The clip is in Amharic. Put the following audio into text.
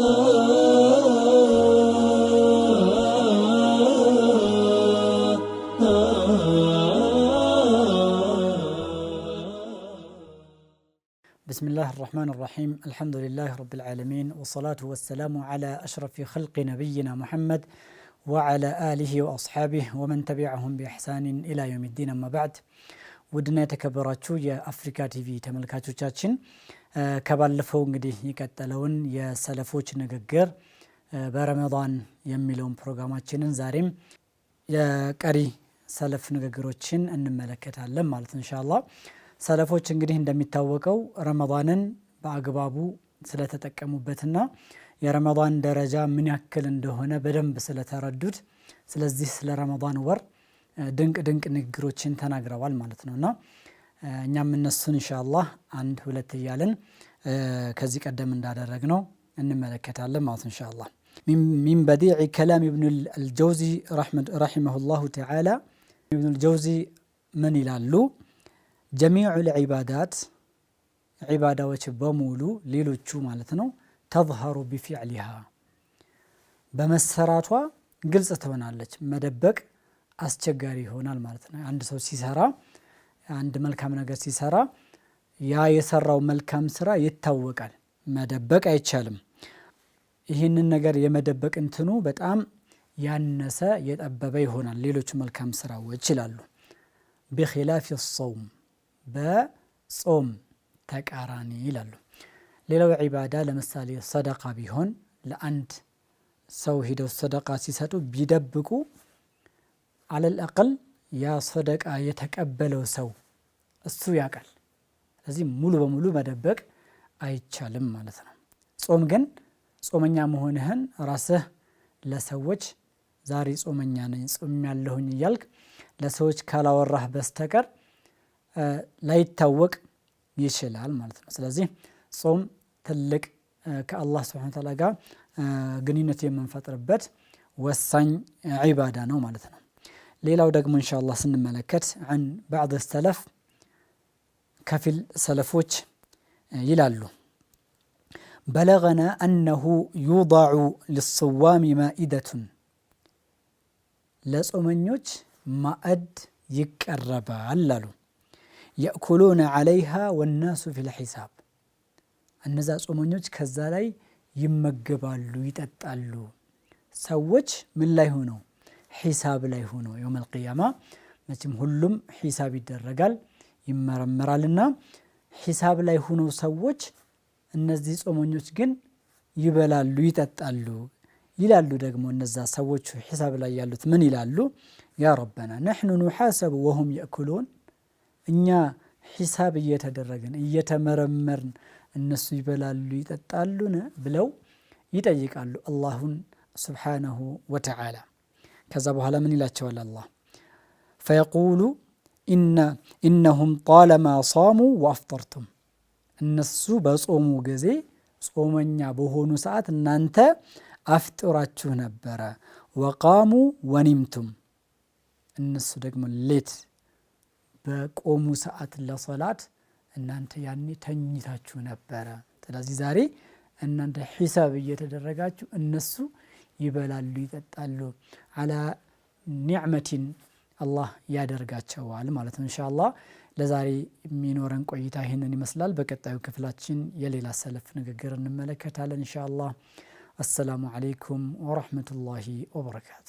بسم الله الرحمن الرحيم الحمد لله رب العالمين والصلاة والسلام على أشرف خلق نبينا محمد وعلى آله وأصحابه ومن تبعهم بإحسان إلى يوم الدين أما بعد ودنا تكبراتشو يا أفريكا تيفي تملكاتشو تشاتشن ከባለፈው እንግዲህ የቀጠለውን የሰለፎች ንግግር በረመዳን የሚለውን ፕሮግራማችንን ዛሬም የቀሪ ሰለፍ ንግግሮችን እንመለከታለን ማለት ነው እንሻላ። ሰለፎች እንግዲህ እንደሚታወቀው ረመዳንን በአግባቡ ስለተጠቀሙበትና የረመዳን ደረጃ ምን ያክል እንደሆነ በደንብ ስለተረዱት ስለዚህ ስለ ረመዳን ወር ድንቅ ድንቅ ንግግሮችን ተናግረዋል ማለት ነውና። እኛም እነሱን ኢንሻአላህ አንድ ሁለት እያልን ከዚህ ቀደም እንዳደረግነው እንመለከታለን ማለት ኢንሻአላህ። ሚን በዲዕ ከላም ኢብኑል ጀውዚ ረሒመሁላሁ ተዓላ ኢብኑል ጀውዚ ምን ይላሉ? ጀሚዑል ልዒባዳት ዒባዳዎች በሙሉ ሌሎቹ ማለት ነው ተዝሀሩ ቢፊዕሊሃ በመሰራቷ ግልጽ ትሆናለች። መደበቅ አስቸጋሪ ይሆናል ማለት ነው። አንድ ሰው ሲሰራ አንድ መልካም ነገር ሲሰራ ያ የሰራው መልካም ስራ ይታወቃል። መደበቅ አይቻልም። ይህንን ነገር የመደበቅ እንትኑ በጣም ያነሰ የጠበበ ይሆናል። ሌሎቹ መልካም ስራዎች ይላሉ። ቢኺላፍ ሶውም በጾም ተቃራኒ ይላሉ። ሌላው ዒባዳ ለምሳሌ ሰደቃ ቢሆን ለአንድ ሰው ሂደው ሰደቃ ሲሰጡ ቢደብቁ አለል አቅል ያ ሰደቃ የተቀበለው ሰው እሱ ያውቃል። ስለዚህ ሙሉ በሙሉ መደበቅ አይቻልም ማለት ነው። ጾም ግን ጾመኛ መሆንህን ራስህ ለሰዎች ዛሬ ጾመኛ ነኝ ጾም ያለሁኝ እያልክ ለሰዎች ካላወራህ በስተቀር ላይታወቅ ይችላል ማለት ነው። ስለዚህ ጾም ትልቅ ከአላህ ስብሐነ ተዓላ ጋር ግንኙነት የምንፈጥርበት ወሳኝ ዒባዳ ነው ማለት ነው። ሌላው ደግሞ እንሻላ ስንመለከት ዐን ባዕድ ሰለፍ ከፊል ሰለፎች ይላሉ በለገና አነሁ ዩዳዑ ሊስዋሚ ማኢደቱን ለጾመኞች ማዕድ ይቀረባል አሉ። የእኩሉነ ዐለይሃ ወናሱ ፊልሒሳብ እነዛ ጾመኞች ከዛ ላይ ይመገባሉ፣ ይጠጣሉ። ሰዎች ምን ላይ ሆነው ሂሳብ ላይ ሆኖ የውመል ቂያማ መቼም ሁሉም ሂሳብ ይደረጋል ይመረመራልና ሂሳብ ላይ ሆኖ ሰዎች እነዚህ ጾመኞች ግን ይበላሉ፣ ይጠጣሉ ይላሉ። ደግሞ እነዛ ሰዎች ሂሳብ ላይ ያሉት ምን ይላሉ? ያ ረበና ነሕኑ ኑሓሰቡ ወሁም የእኩሉን እኛ ሂሳብ እየተደረግን እየተመረመርን እነሱ ይበላሉ ይጠጣሉን ብለው ይጠይቃሉ አላሁን ስብሓነሁ ወተዓላ። ከዛ በኋላ ምን ይላቸዋል አላህ ፈየቁሉ ኢነሁም ጣለማ ሷሙ ወአፍጠርቱም እነሱ በጾሙ ጊዜ ጾመኛ በሆኑ ሰዓት እናንተ አፍጥራችሁ ነበረ። ወቃሙ ወኒምቱም እነሱ ደግሞ ሌት በቆሙ ሰዓት ለሶላት እናንተ ያኔ ተኝታችሁ ነበረ። ስለዚህ ዛሬ እናንተ ሒሳብ እየተደረጋችሁ እነሱ ይበላሉ፣ ይጠጣሉ። አላ ኒዕመቲን አላህ ያደርጋቸዋል ማለት ነው። እንሻላ ለዛሬ የሚኖረን ቆይታ ይህንን ይመስላል። በቀጣዩ ክፍላችን የሌላ ሰለፍ ንግግር እንመለከታለን እንሻላ። አሰላሙ አለይኩም ወረህመቱላሂ ወበረካቱ።